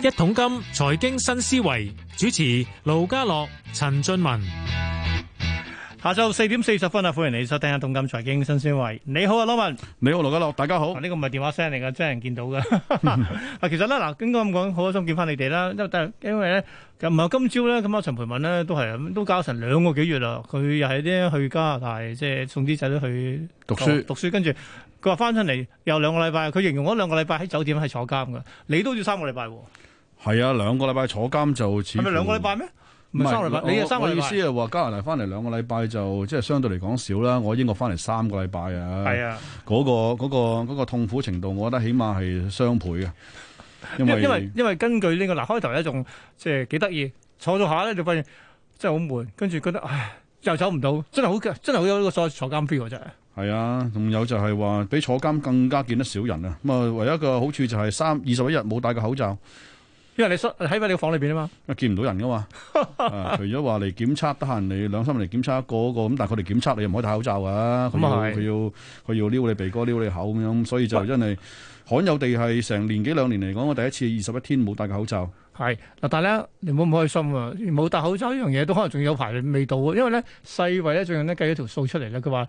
一桶金財經新思維，主持盧家樂、陳俊文，下晝四點四十分啊！歡迎你收聽《一桶金財經新思維》。你好啊，羅文，你好盧家樂，大家好。呢個唔係電話聲嚟噶，真係人見到噶。嗱，其實咧嗱，應該咁講，好開心見翻你哋啦。因為因為咧，就唔係今朝咧，咁阿陳培文咧都係，都教咗成兩個幾月啦。佢又係啲去加拿大，即係送啲仔女去讀書讀書，跟住佢話翻翻嚟又兩個禮拜。佢形容嗰兩個禮拜喺酒店係坐監噶，你都要三個禮拜。係啊，兩個禮拜坐監就似係咪兩個禮拜咩？唔係三個禮拜，你係三個意思係話加拿大翻嚟兩個禮拜就即係相對嚟講少啦。我英國翻嚟三個禮拜啊，係啊，嗰、嗰個、嗰個、嗰個痛苦程度，我覺得起碼係雙倍啊。因為因為因為根據呢個嗱開頭一仲，即係幾得意坐咗下咧，就發現真係好悶，跟住覺得唉又走唔到，真係好真係好有個坐坐監 feel 真係。係啊，仲、啊、有就係話比坐監更加見得少人啊。咁啊，唯一個好處就係三二十一日冇戴個口罩。因為你喺喺你個房裏邊啊嘛，見唔到人噶嘛。除咗話嚟檢測，得閒你兩三日嚟檢測一個一個咁，但係佢哋檢測你又唔可以戴口罩噶。咁啊，佢、嗯、要佢要撩你鼻哥、撩你口咁樣，所以就真係喂罕有地係成年幾兩年嚟講，我第一次二十一天冇戴個口罩。係，但係咧，你唔好咁開心，冇戴口罩呢樣嘢都可能仲有排未到啊！因為咧，世衛咧最近咧計咗條數出嚟咧，佢話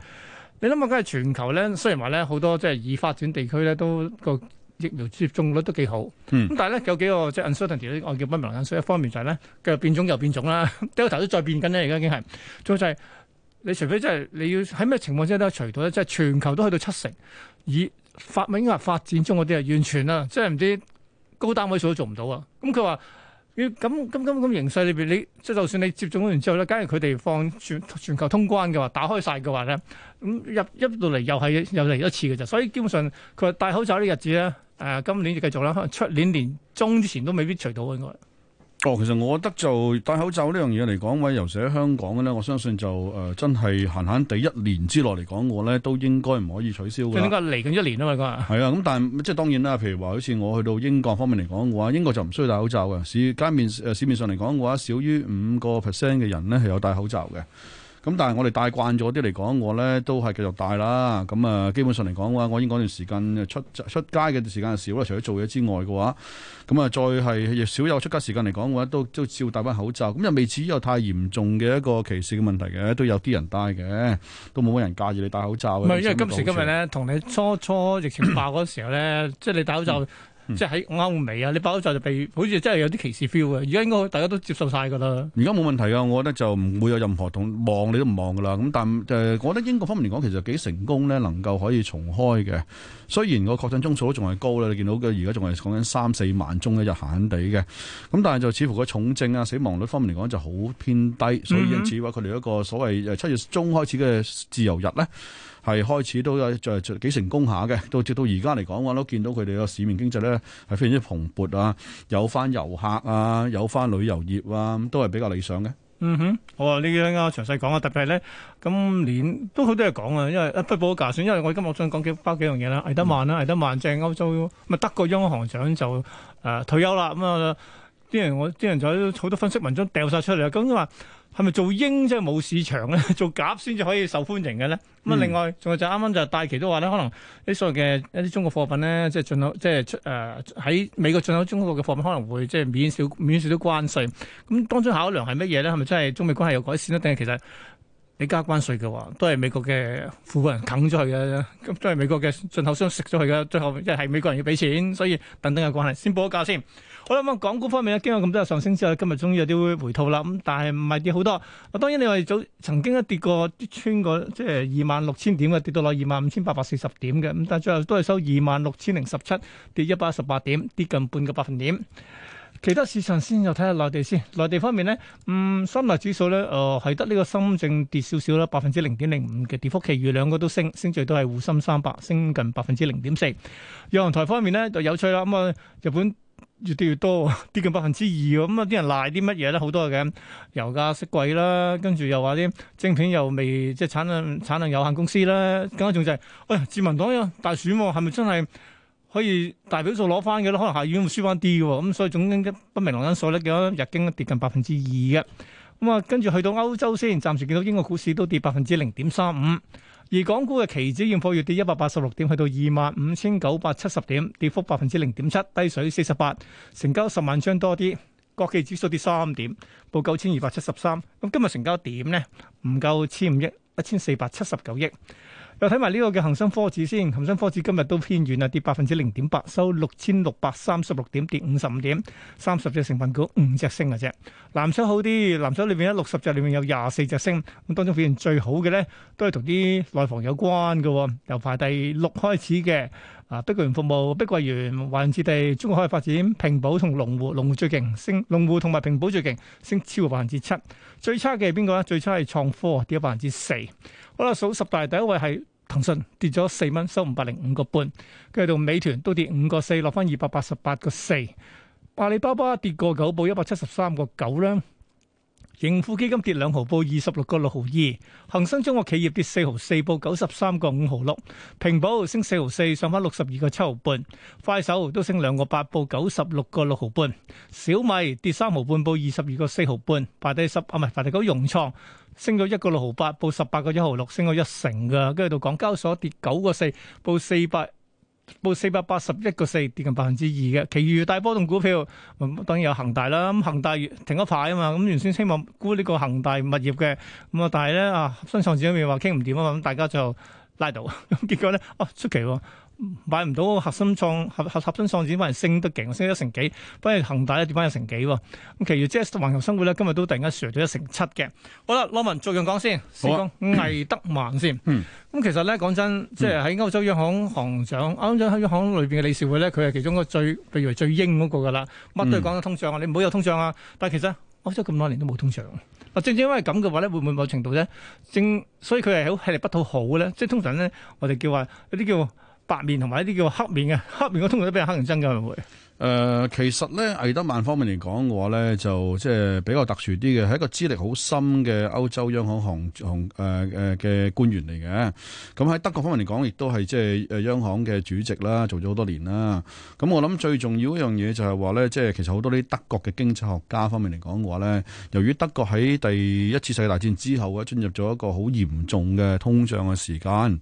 你諗下，梗係全球咧，雖然話咧好多即係已發展地區咧都個。疫苗接種率都幾好，咁但係咧有幾個即係、就是、uncertainty，我叫不明因素。一方面就係咧嘅變種又變種啦，啲頭都再變緊啦。而家已經係。仲就係、是、你除非真、就、係、是、你要喺咩情況之下都除到咧，即、就、係、是、全球都去到七成，而發明亞發展中嗰啲啊，完全啊，即係唔知高單位數都做唔到啊。咁佢話要咁咁咁咁形勢裏邊，你即係就算你接種完之後咧，假如佢哋放全全球通關嘅話，打開晒嘅話咧，咁入入到嚟又係又嚟一次嘅啫。所以基本上佢話戴口罩啲日子咧。誒、呃，今年就繼續啦，可能出年年中之前都未必除到啊！應該。哦，其實我覺得就戴口罩呢樣嘢嚟講，喂，尤其喺香港嘅咧，我相信就誒、呃、真係閒閒地一年之內嚟講，我咧都應該唔可以取消嘅。應該嚟緊一年啊嘛，應該。係啊，咁但，但即係當然啦。譬如話，好似我去到英國方面嚟講嘅話，英國就唔需要戴口罩嘅。市街面誒、呃、市面上嚟講嘅話，少於五個 percent 嘅人咧係有戴口罩嘅。咁但係我哋戴慣咗啲嚟講，我咧都係繼續戴啦。咁、嗯、啊，基本上嚟講嘅話，我已經嗰段時間出出街嘅時間少啦，除咗做嘢之外嘅話，咁、嗯、啊再係亦少有出街時間嚟講嘅話，都都照戴翻口罩。咁又未至於有太嚴重嘅一個歧視嘅問題嘅，都有啲人戴嘅，都冇乜人介意你戴口罩。唔係，因為今時今日咧，同你初初疫情爆嗰時候咧，即係 你戴口罩。嗯嗯、即喺歐美啊，你擺咗就就被，好似真係有啲歧視 feel 嘅。而家應該大家都接受晒㗎啦。而家冇問題啊，我覺得就唔會有任何同望你都唔望㗎啦。咁但誒、呃，我覺得英國方面嚟講，其實幾成功咧，能夠可以重開嘅。雖然個確診宗數都仲係高啦，你見到嘅而家仲係講緊三四萬宗咧，一日閒閒地嘅。咁但係就似乎個重症啊、死亡率方面嚟講就好偏低，所以因此話佢哋一個所謂七月中開始嘅自由日咧。係開始都有在幾成功下嘅，直到至到而家嚟講嘅，都見到佢哋個市面經濟咧係非常之蓬勃啊，有返遊客啊，有返旅遊業啊，都係比較理想嘅。嗯哼，好啊，你聽啊，詳細講啊，特別係咧今年都好多嘢講啊，因為一不保價先，因為我今我想講幾包幾樣嘢啦，魏德曼啦，魏、嗯、德曼、德曼正歐洲咪德國央行長就誒、呃、退休啦，咁、嗯、啊，啲人我啲人就好多分析文章掉晒出嚟啊。咁啊。係咪做鷹真係冇市場咧？ 做鴿先至可以受歡迎嘅咧？咁啊、嗯，另外仲有就啱啱就戴琦都話咧，可能啲所謂嘅一啲中國貨品咧，即、就、係、是、進口，即係出誒喺美國進口中國嘅貨品可能會即係、就是、免少免少啲關稅。咁當中考量係乜嘢咧？係咪真係中美關係有改善咧？定係其實？你加關稅嘅話，都係美國嘅富人啃咗佢嘅，咁都係美國嘅進口商食咗佢嘅，最後即係美國人要俾錢，所以等等嘅關係，先報價先。好啦，咁港股方面咧，經過咁多日上升之後，今日終於有啲回吐啦。咁但係唔係跌好多。當然你話早曾經一跌過穿過，即係二萬六千點嘅，跌到落二萬五千八百四十點嘅。咁但係最後都係收二萬六千零十七，跌一百一十八點，跌近半個百分點。其他市場先就睇下內地先，內地方面咧，嗯，深滬指數咧，誒係得呢個深證跌少少啦，百分之零點零五嘅跌幅，其餘兩個都升，升最多係滬深三百升近百分之零點四。有行台方面咧就有趣啦，咁啊日本越跌越多， 跌近百分之二，咁啊啲人賴啲乜嘢咧好多嘅，油價升貴啦，跟住又話啲晶片又未即係產能產能有限公司啦，更加重就係、是，喂、哎，自民黨又大選喎、啊，係咪真係？可以大表數攞翻嘅咧，可能下院會輸翻啲嘅，咁所以總之不明朗因素咧嘅日經跌近百分之二嘅，咁啊跟住去到歐洲先，暫時見到英國股市都跌百分之零點三五，而港股嘅期指現貨月跌一百八十六點，去到二萬五千九百七十點，跌幅百分之零點七，低水四十八，成交十萬張多啲，國企指數跌三點，報九千二百七十三，咁今日成交點咧唔夠千五億。一千四百七十九億。又睇埋呢個嘅恒生科指先，恒生科指今日都偏軟啦，跌百分之零點八，收六千六百三十六點，跌五十五點，三十隻成分股五隻升嘅啫。藍籌好啲，藍籌裏面咧六十隻裏面有廿四隻升，咁當中表現最好嘅呢，都係同啲內房有關嘅喎，由排第六開始嘅。啊！碧桂園服務、碧桂園華潤置地、中國開發展、平保同龍湖，龍湖最勁，升龍湖同埋平保最勁，升超過百分之七。最差嘅係邊個咧？最差係創科，跌咗百分之四。好啦，數十大第一位係騰訊，跌咗四蚊，收五百零五個半。跟住到美團都跌五個四，落返二百八十八個四。阿里巴巴跌個九，報一百七十三個九啦。盈富基金跌兩毫，報二十六個六毫二，恒生中國企業跌四毫四，報九十三個五毫六，平保升四毫四，上返六十二個七毫半，快手都升兩個八，報九十六個六毫半，小米跌三毫半，報二十二個四毫半，排第十啊，唔係排第九，融創升咗一個六毫八，報十八個一毫六，升咗一成㗎，跟住到港交所跌九個四，報四百。報四百八十一個四，跌近百分之二嘅，其餘大波動股票，當然有恒大啦。咁恒大停一排啊嘛，咁原先希望沽呢個恒大物業嘅，咁啊，但係咧啊，新創展嗰邊話傾唔掂啊嘛，咁大家就拉到，咁結果咧，哦、啊、出奇喎。買唔到核心創合合核，核心創展，反而升得勁，升咗成幾。反而恒大咧跌翻一成幾喎。咁，其餘即係環球生活咧，今日都突然間 drop 咗一成七嘅。好啦，羅文，逐樣講先。好，魏、嗯嗯、德曼先。咁、嗯、其實咧，講真，即係喺歐洲央行行長，嗯、歐洲央行裏邊嘅理事會咧，佢係其中一個最譬如最英嗰個㗎啦。乜都講緊通脹啊，你唔好有通脹啊。但係其實歐洲咁多年都冇通脹啊。正正因為咁嘅話咧，會唔會某程度咧正所以佢係好吃力不討好咧？即係通常咧，我哋叫話啲叫。白面同埋一啲叫黑面嘅，黑面我通常都俾人黑人憎㗎，會唔會？誒、呃，其實咧，魏德曼方面嚟講嘅話咧，就即係比較特殊啲嘅，係一個資歷好深嘅歐洲央行行行誒嘅官員嚟嘅。咁、嗯、喺德國方面嚟講，亦都係即係誒央行嘅主席啦，做咗好多年啦。咁、嗯嗯、我諗最重要一樣嘢就係話咧，即、就、係、是、其實好多啲德國嘅經濟學家方面嚟講嘅話咧，由於德國喺第一次世界大戰之後咧，進入咗一個好嚴重嘅通脹嘅時間。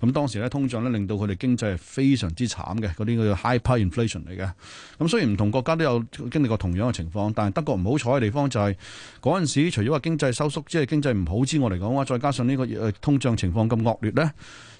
咁當時咧，通脹咧令到佢哋經濟係非常之慘嘅，嗰啲叫做 hyperinflation 嚟嘅。咁雖然唔同國家都有經歷過同樣嘅情況，但係德國唔好彩嘅地方就係嗰陣時，除咗話經濟收縮，即係經濟唔好之外嚟講，話，再加上呢個誒通脹情況咁惡劣咧，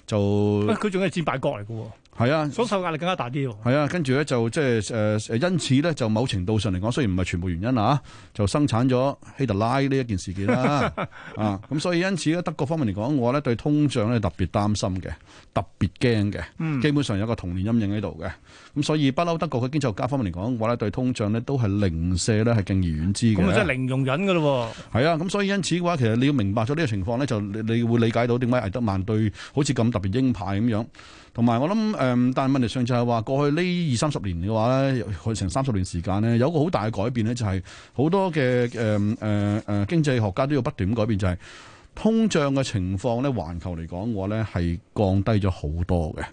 就，佢仲係戰敗國嚟嘅。係啊，所受壓力更加大啲。係啊，跟住咧就即係誒誒，因此咧就某程度上嚟講，雖然唔係全部原因啊，就生產咗希特拉呢一件事件啦。 啊，咁所以因此咧，德國方面嚟講，我咧對通脹咧特別擔心嘅，特別驚嘅。嗯。基本上有個童年陰影喺度嘅。咁所以不嬲德國嘅經濟學家方面嚟講，我咧對通脹咧都係零舍咧係敬而遠之嘅。咁啊，真係零容忍噶咯喎。係啊，咁所以因此嘅話，其實你要明白咗呢個情況咧，就你會理解到點解魏德曼對好似咁特別鷹派咁樣，同埋我諗。誒、嗯，但係問題上就係話，過去呢二三十年嘅話咧，去成三十年時間咧，有個好大嘅改變咧、就係，就係好多嘅誒誒誒經濟學家都要不斷改變，就係、係。通脹嘅情況咧，環球嚟講嘅話咧，係降低咗好多嘅。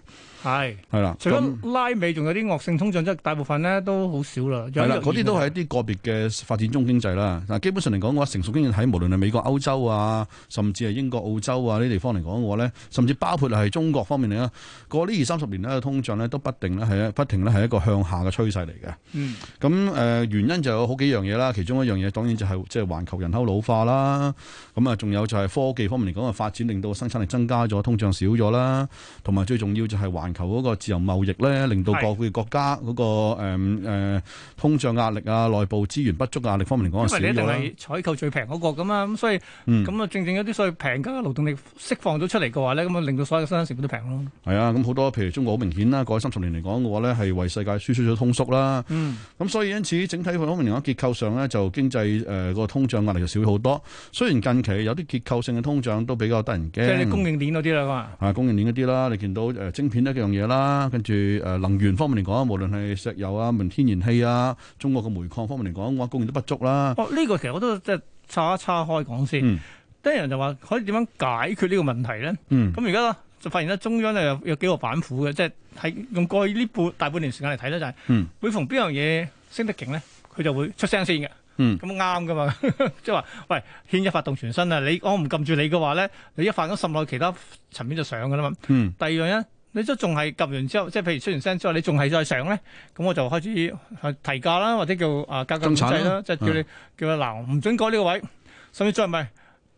係係是啦，除咗拉美，仲有啲惡性通脹，即係大部分咧都好少啦。係啦，嗰啲都係一啲個別嘅發展中經濟啦。嗱，基本上嚟講嘅話，成熟經濟喺無論係美國、歐洲啊，甚至係英國、澳洲啊呢啲地方嚟講嘅話咧，甚至包括係中國方面嚟啦，過呢二三十年咧嘅通脹咧都不定咧係不停咧係一個向下嘅趨勢嚟嘅。嗯，咁誒、呃、原因就有好幾樣嘢啦，其中一樣嘢當然就係即係環球人口老化啦，咁啊仲有就係、是。科技方面嚟講嘅發展，令到生產力增加咗，通脹少咗啦。同埋最重要就係環球嗰個自由貿易咧，令到各個國家嗰、那個誒的、嗯嗯、通脹壓力啊、內部資源不足壓力方面嚟講係少咗啦。因為你仲係採購最平嗰個咁啊，咁所以咁啊，嗯、正正有啲所謂平價嘅勞動力釋放咗出嚟嘅話咧，咁啊令到所有嘅生產成本都平咯。係啊，咁好多譬如中國好明顯啦，過去三十年嚟講嘅話咧，係為世界輸出咗通縮啦。嗯，咁所以因此整體方面嚟講，結構上咧就經濟誒個、呃、通脹壓力就少好多。雖然近期有啲結構性嘅通脹都比較得人驚，即係你供應鏈嗰啲啦嘛。啊，供應鏈嗰啲啦，你見到誒、呃、晶片呢幾樣嘢啦，跟住誒、呃、能源方面嚟講，無論係石油啊、問天然氣啊，中國嘅煤礦方面嚟講，話供應都不足啦。哦，呢、這個其實我都即係叉一叉開講先。嗯。啲人就話可以點樣解決呢個問題咧？嗯。咁而家就發現咧，中央咧有有幾個板斧嘅，即係喺用過去呢半大半年時間嚟睇咧，就係、是、每逢邊樣嘢升得勁咧，佢就會出聲先嘅。嗯，咁啱噶嘛，即係話，喂，牽一發動全身啊！你我唔撳住你嘅話咧，你一發咗滲落其他層面就上噶啦嘛。嗯，第二樣咧，你都仲係撳完之後，即係譬如出完聲之後，你仲係再上咧，咁我就開始提價啦，或者叫啊價格控制啦，教教教即係叫你叫嗱，唔准改呢個位。甚至再咪，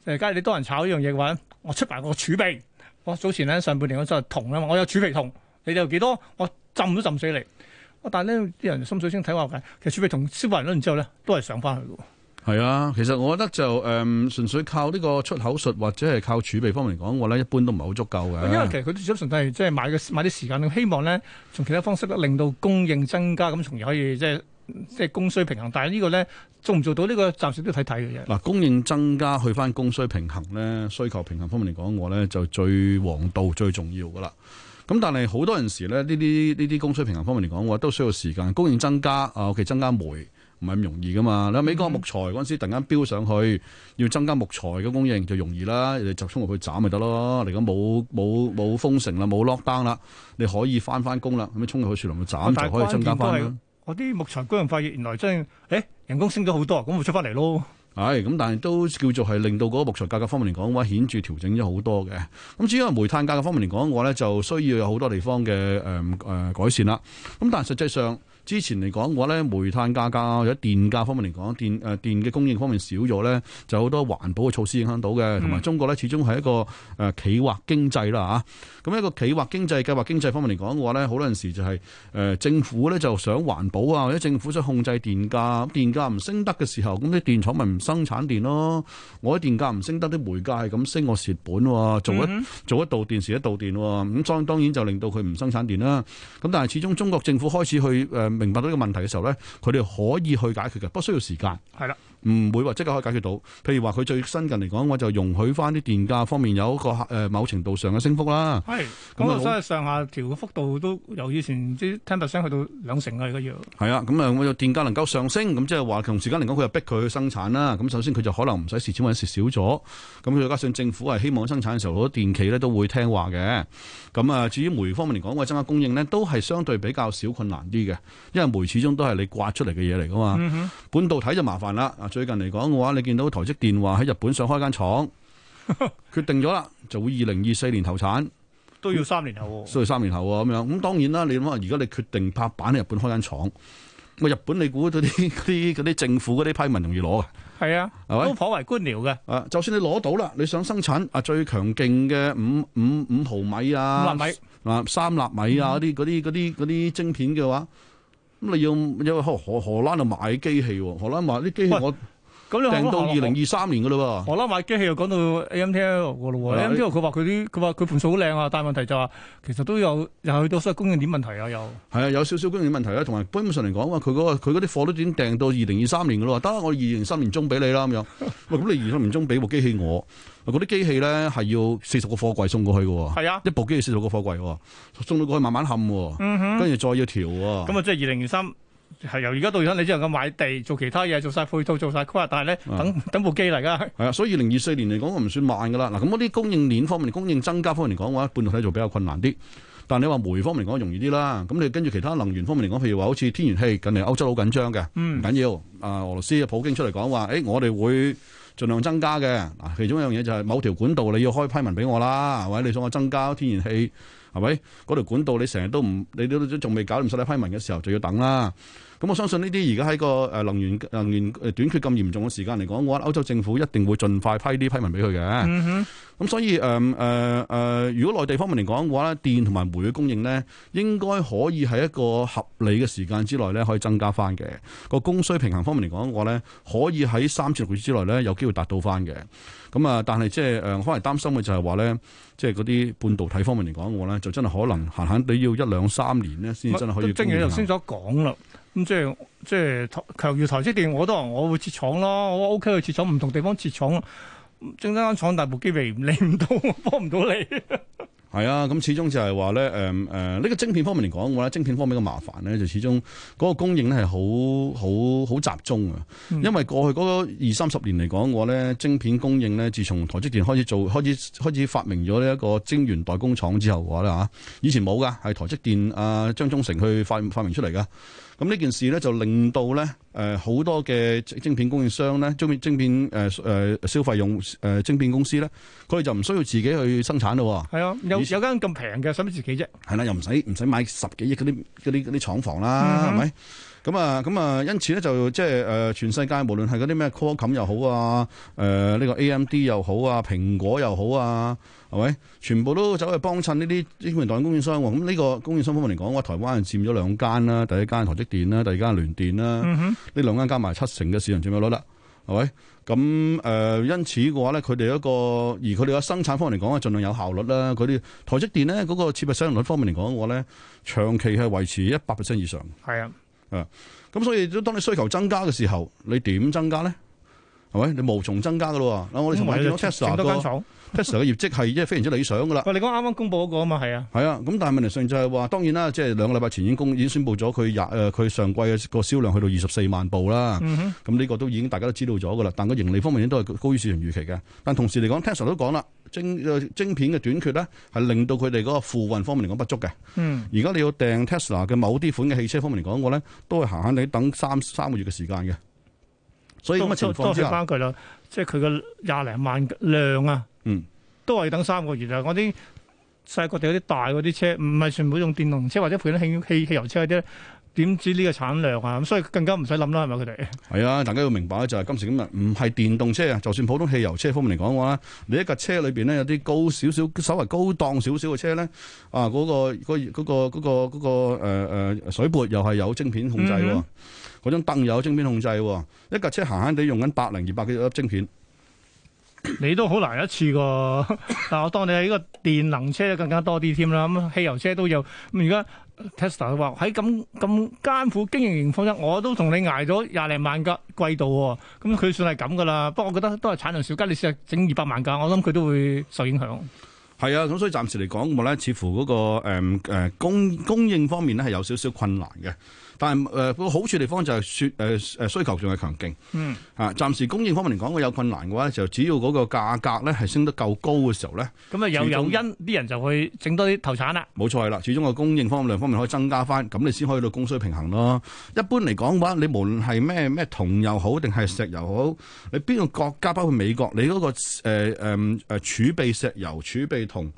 誒，假如你多人炒呢樣嘢嘅話，我出埋我儲備。我早前咧，上半年我真係銅啊嘛，我有儲備銅，你哋有幾多，我浸都浸死你。但係呢啲人心水清睇話緊，其實儲備同消費率攞完之後呢，都係上翻去嘅。係啊，其實我覺得就誒、呃、純粹靠呢個出口術或者係靠儲備方面嚟講，我呢一般都唔係好足夠嘅。因為其實佢都想純粹即係買嘅買啲時間，希望呢從其他方式令到供應增加，咁從而可以即係即係供需平衡。但係呢個呢，做唔做到呢、呢個暫時都睇睇嘅嘢。嗱、啊，供應增加去翻供需平衡呢，需求平衡方面嚟講，我呢就最王道最重要嘅啦。咁但係好多陣時咧，呢啲、呢啲供需平衡方面嚟講，都需要時間供應增加啊，其實增加煤唔係咁容易噶嘛。你美國木材嗰陣時突然間飆上去，要增加木材嘅供應就容易啦，你就沖入去斬咪得咯。嚟講冇、冇、冇封城啦，冇 lockdown 啦，你可以翻、翻工啦，咁樣沖入去樹林去斬就可以增加翻啦。我啲木材居然發現原來真係，誒、欸、人工升咗好多，咁咪出翻嚟咯。係，咁但係都叫做係令到嗰個木材價格方面嚟講嘅話，顯著調整咗好多嘅。咁至於煤炭價格方面嚟講嘅話咧，就需要有好多地方嘅誒誒改善啦。咁但係實際上，之前嚟講嘅話咧，煤炭價格或者電價方面嚟講，電誒、呃、電嘅供應方面少咗咧，就好多環保嘅措施影響到嘅，同埋中國咧始終係一個誒、呃、企劃經濟啦嚇。咁、啊、一個企劃經濟、計劃經濟方面嚟講嘅話咧，好多陣時就係、是、誒、呃、政府咧就想環保啊，或者政府想控制電價啊，電價唔升得嘅時候，咁啲電廠咪唔生產電咯。我啲電價唔升得，啲煤價係咁升，我蝕本喎、啊，做一做一度電時一度電喎，咁、啊、當、嗯、當然就令到佢唔生產電啦。咁但係始終中國政府開始去誒。呃明白到呢個問題嘅時候咧，佢哋可以去解決嘅，不需要時間。係啦。唔會話即刻可以解決到，譬如話佢最新近嚟講，我就容許翻啲電價方面有一個誒、呃、某程度上嘅升幅啦。係是，咁啊，所以上下調嘅幅度都由以前啲 ten percent 去到兩成啊，而家要係啊，咁啊，我電價能夠上升，咁即係話同時間嚟講，佢又逼佢去生產啦。咁首先佢就可能唔使蝕錢或者蝕少咗。咁再加上政府係希望生產嘅時候，好多電企咧都會聽話嘅。咁啊，至於煤方面嚟講，我增加供應咧都係相對比較少困難啲嘅，因為煤始終都係你刮出嚟嘅嘢嚟㗎嘛。嗯哼，半導體就麻煩啦。最近嚟講嘅話，你見到台積電話喺日本想開間廠，決定咗啦，就會二零二四年投產， 都要三年後、啊，需要三年後喎、啊，咁樣。咁、嗯、當然啦，你諗下，如果你決定拍板喺日本開間廠，咁日本你估嗰啲啲啲政府嗰啲批文容易攞嘅？係啊，係咪吧都頗為官僚嘅？誒，就算你攞到啦，你想生產啊最強勁嘅五五五毫米啊，五納米、啊、三納米啊啲啲啲嗰啲晶片嘅話。咁你要，因為荷荷蘭啊買機器喎，荷蘭買啲機器我訂到二零二三年嘅咯喎，我拉買機器又講到 AMT 嗰個咯，AMT 佢話佢啲佢話佢盤數好靚啊，但係問題就話其實都有又遇到啲供應鏈問題啊，有係啊，有少少供應問題啊。同埋基本上嚟講啊，佢嗰、嗰個佢嗰啲貨都已經訂到二零二三年嘅咯喎，得我二零三年中俾你啦咁樣。喂，咁你二零三年中俾部機器我，嗰啲機器咧係要四十個貨櫃送過去嘅喎，係啊，一部機器四十個貨櫃喎，送到過去慢慢冚喎，跟住、嗯、哼再要調喎。咁啊，即係二零二三。係由而家到而家，你只能夠買地做其他嘢，做晒配套，做曬規劃，但係咧等、啊、等部機嚟㗎。係啊，所以二零二四年嚟講，我唔算慢㗎啦。嗱，咁嗰啲供應鏈方面、供應增加方面嚟講，嘅一半度睇就比較困難啲。但係你話煤方面嚟講，容易啲啦。咁你跟住其他能源方面嚟講，譬如話好似天然氣，近年歐洲好緊張嘅，唔緊要。啊，俄羅斯啊，普京出嚟講話，誒、哎，我哋會盡量增加嘅。嗱，其中一樣嘢就係某條管道你要開批文俾我啦，或者你想我增加天然氣。係咪？嗰條管道你成日都唔，你都仲未搞掂曬批文嘅時候，就要等啦。咁我相信呢啲而家喺個誒能源能源短缺咁嚴重嘅時間嚟講，嘅話，歐洲政府一定會盡快批啲批文俾佢嘅。嗯哼。咁所以誒誒誒，如果內地方面嚟講嘅話咧，電同埋煤嘅供應咧，應該可以喺一個合理嘅時間之內咧，可以增加翻嘅。個供需平衡方面嚟講嘅話咧，可以喺三至六月之內咧，有機會達到翻嘅。咁啊、嗯，但係即係誒，可能擔心嘅就係話咧，即係嗰啲半導體方面嚟講，我咧、嗯、就真係可能閒閒哋要一兩三年咧，先至真係可以。正如頭先所講啦，咁即係即係強調台積電，我都話我會設廠咯，我 OK 去設廠，唔同地方設廠。正間廠大部機會嚟唔到，我幫唔到你。 係啊，咁始終就係話咧，誒、呃、誒，呢、呃這個晶片方面嚟講嘅話咧，晶片方面嘅麻煩咧，就始終嗰個供應咧係好好好集中啊！嗯、因為過去嗰二三十年嚟講嘅話咧，晶片供應咧，自從台積電開始做、開始開始發明咗呢一個晶圓代工廠之後嘅話咧嚇，以前冇噶，係台積電啊張忠誠去發發明出嚟噶。咁呢件事咧就令到咧，誒好多嘅晶片供應商咧，晶片晶片誒誒消費用誒、呃、晶片公司咧，佢哋就唔需要自己去生產啦。係啊，有有間咁平嘅使乜自己啫？係啦、啊，又唔使唔使買十幾億啲啲嗰啲廠房啦，係咪、嗯哼？咁啊，咁啊，因此咧就即係誒，全世界無論係嗰啲咩 c 冚又好啊，誒、這、呢個 A.M.D 又好啊，蘋果又好啊，係咪？全部都走去幫襯呢啲芯片代工供應商。咁呢個供應商方面嚟講嘅話，台灣係佔咗兩間啦，第一間台積電啦，第二間聯電啦。呢、嗯、哼兩間加埋七成嘅市場佔有率啦，係咪？咁、嗯、誒、呃，因此嘅話咧，佢哋一個而佢哋嘅生產方面嚟講啊，盡量有效率啦。嗰啲台積電咧，嗰個設備使用率方面嚟講嘅話咧，長期係維持一百 percent 以上。係啊。啊！咁、嗯、所以，當你需求增加嘅時候，你點增加咧？係你無從增加噶啦喎！嗱，我哋同埋咗 Tesla 個 Tesla 嘅業績係即係非常之理想噶啦。喂，你講啱啱公布嗰個啊嘛，係啊。係啊，咁但係問題上就係話，當然啦，即係兩個禮拜前已經公已經宣布咗佢廿誒佢上季嘅個銷量去到二十四萬部啦。咁呢、嗯、哼個都已經大家都知道咗噶啦。但係個盈利方面都係高於市場預期嘅。但同時嚟講，Tesla 都講啦，晶晶片嘅短缺咧係令到佢哋嗰個付運方面嚟講不足嘅。嗯。而家你要訂 Tesla 嘅某啲款嘅汽車方面嚟講，我咧都係閒閒地等三三個月嘅時間嘅。所以咁嘅情況之下，即係佢個廿零萬量啊，嗯、都係等三個月啊！我啲細個哋嗰啲大嗰啲車，唔係全部用電動車或者配緊汽汽汽油車嗰啲咧。點知呢個產量啊？咁所以更加唔使諗啦，係咪佢哋？係啊，大家要明白咧，就係今時今日唔係電動車啊，就算普通汽油車方面嚟講嘅話咧，你一架車裏邊咧有啲高少少、稍為高檔少少嘅車咧，啊，嗰個、個、嗰個、嗰個、嗰個誒誒，水撥又係有晶片控制，嗰張凳又有晶片控制，一架車閒閒哋用緊百零二百幾粒晶片，你都好難一次個。但係我當你喺呢個電能車咧更加多啲添啦，咁汽油車都有咁而家。Tesla 佢話喺咁咁艱苦經營情況，我都同你挨咗廿零萬個季度喎、哦，咁佢算係咁噶啦。不過我覺得都係產量少，加你試下整二百萬架，我諗佢都會受影響。係啊，咁所以暫時嚟講，咁啊咧，似乎嗰個誒供供應方面咧係有少少困難嘅。但係誒個好處地方就係説誒誒需求仲係強勁。嗯，啊，暫時供應方面嚟講，我有困難嘅話就只要嗰個價格咧係升得夠高嘅時候咧，咁啊又有因啲人就去整多啲投產啦。冇錯啦，始終個供應方兩方面可以增加翻，咁你先可以到供需平衡咯。一般嚟講嘅話，你無論係咩咩銅又好，定係石油好，你邊個國家包括美國，你嗰個誒誒誒儲備石油儲備。同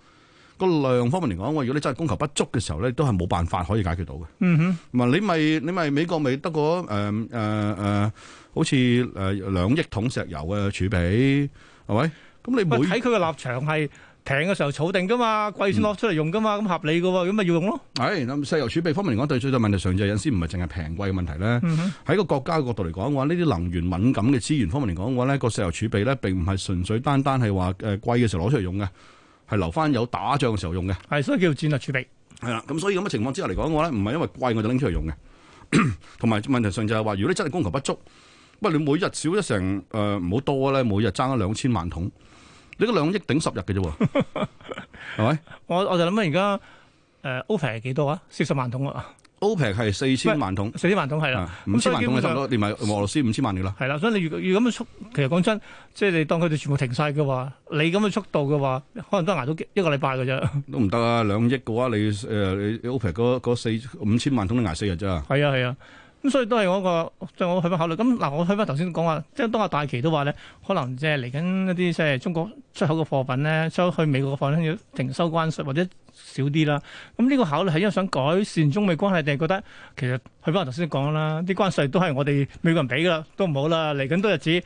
個量方面嚟講，我如果你真係供求不足嘅時候咧，都係冇辦法可以解決到嘅。嗯哼，唔係你咪你咪美國咪得個誒誒誒，好似誒、呃、兩億桶石油嘅儲備係咪？咁你每睇佢個立場係平嘅時候儲定㗎嘛，貴先攞出嚟用㗎嘛，咁、嗯、合理嘅喎，咁咪要用咯。係咁，石油儲備方面嚟講，對最大問題上就係先唔係淨係平貴嘅問題咧。喺、嗯、哼個國家嘅角度嚟講，話呢啲能源敏感嘅資源方面嚟講嘅話咧，個石油儲備咧並唔係純粹單單係話誒貴嘅時候攞出嚟用嘅。係留翻有打仗嘅時候用嘅，係所以叫戰略儲備。係啦，咁所以咁嘅情況之下嚟講，我咧唔係因為貴我就拎出嚟用嘅。同埋 問題上就係話，如果你真係供求不足，不過，你每日少咗成誒，唔、呃、好多咧，每日爭咗兩千萬桶，你嗰兩億頂十日嘅啫，係咪 吧？我我就諗下而家誒，OPEC 係幾多啊？四十萬桶啊。OPEC 係四千萬桶，四千萬桶係啦，五千、嗯、萬桶差唔多，連埋俄羅斯五千萬嘅啦。係啦，所以你如果如咁嘅速，其實講真，即係你當佢哋全部停晒嘅話，你咁嘅速度嘅話，可能都捱到一個禮拜嘅啫。都唔得啊！兩億嘅話，你誒你 OPEC 嗰四五千萬桶都捱四日啫。係啊係啊，咁所以都係嗰個即係我去翻考慮。咁嗱，我去翻頭先講話，即係當下大旗都話咧，可能即係嚟緊一啲即係中國出口嘅貨品咧，將去美國嘅貨品要停收關稅或者。少啲啦，咁、這、呢個考慮係因為想改善中美關係，定係覺得其實去返我頭先講啦，啲關稅都係我哋美國人俾噶啦，都唔好啦，嚟緊多日子。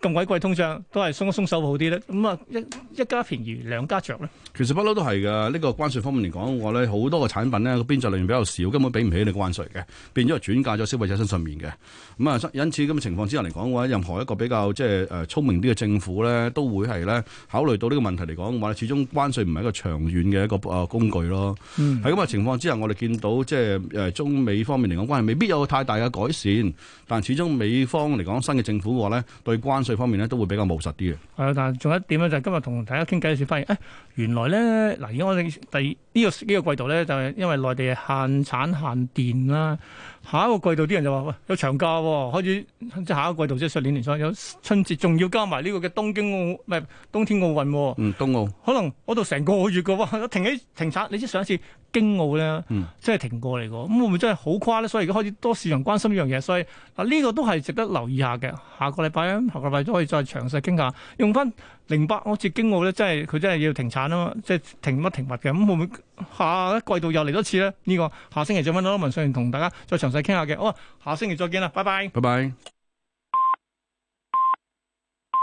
咁鬼貴通脹，都係鬆一鬆手好啲咧。咁啊，一一家便宜兩家着咧。其實不嬲都係嘅。呢個關稅方面嚟講，我咧好多個產品咧個邊際量比較少，根本畀唔起你個關稅嘅，變咗轉嫁咗消費者身上面嘅。咁、嗯、啊，因此咁嘅情況之下嚟講嘅話，任何一個比較即係誒聰明啲嘅政府咧，都會係咧考慮到呢個問題嚟講嘅話，始終關稅唔係一個長遠嘅一個誒工具咯。喺咁嘅情況之下，我哋見到即係誒、呃、中美方面嚟講關係未必有太大嘅改善，但始終美方嚟講新嘅政府嘅話咧，對關方面呢都會比較務實啲嘅。係啊，但係仲有一點呢，就今日同大家傾偈時發現，誒原來咧嗱，而家我哋第呢個呢個季度咧，就係因為內地限產限電啦。下一個季度啲人就話：喂，有長假開始，即下一個季度即係上年年初，有春節，仲要加埋呢個嘅東京奧唔係冬天奧運。嗯，冬奧可能嗰度成個月嘅喎，停起停產。你知上一次京奧咧，嗯，即係停過嚟嘅。咁會唔會真係好誇咧？所以而家開始多市場關心呢樣嘢，所以嗱呢個都係值得留意下嘅。下個禮拜啊，下個禮拜。可以再詳細傾下，用翻零八嗰次京澳咧，真係佢真係要停產啊嘛，即係停乜停物嘅，咁會唔會下一季度又嚟多次咧？呢、呢個下星期問再揾到文信上同大家再詳細傾下嘅，好啊，下星期再見啦，拜拜，拜拜。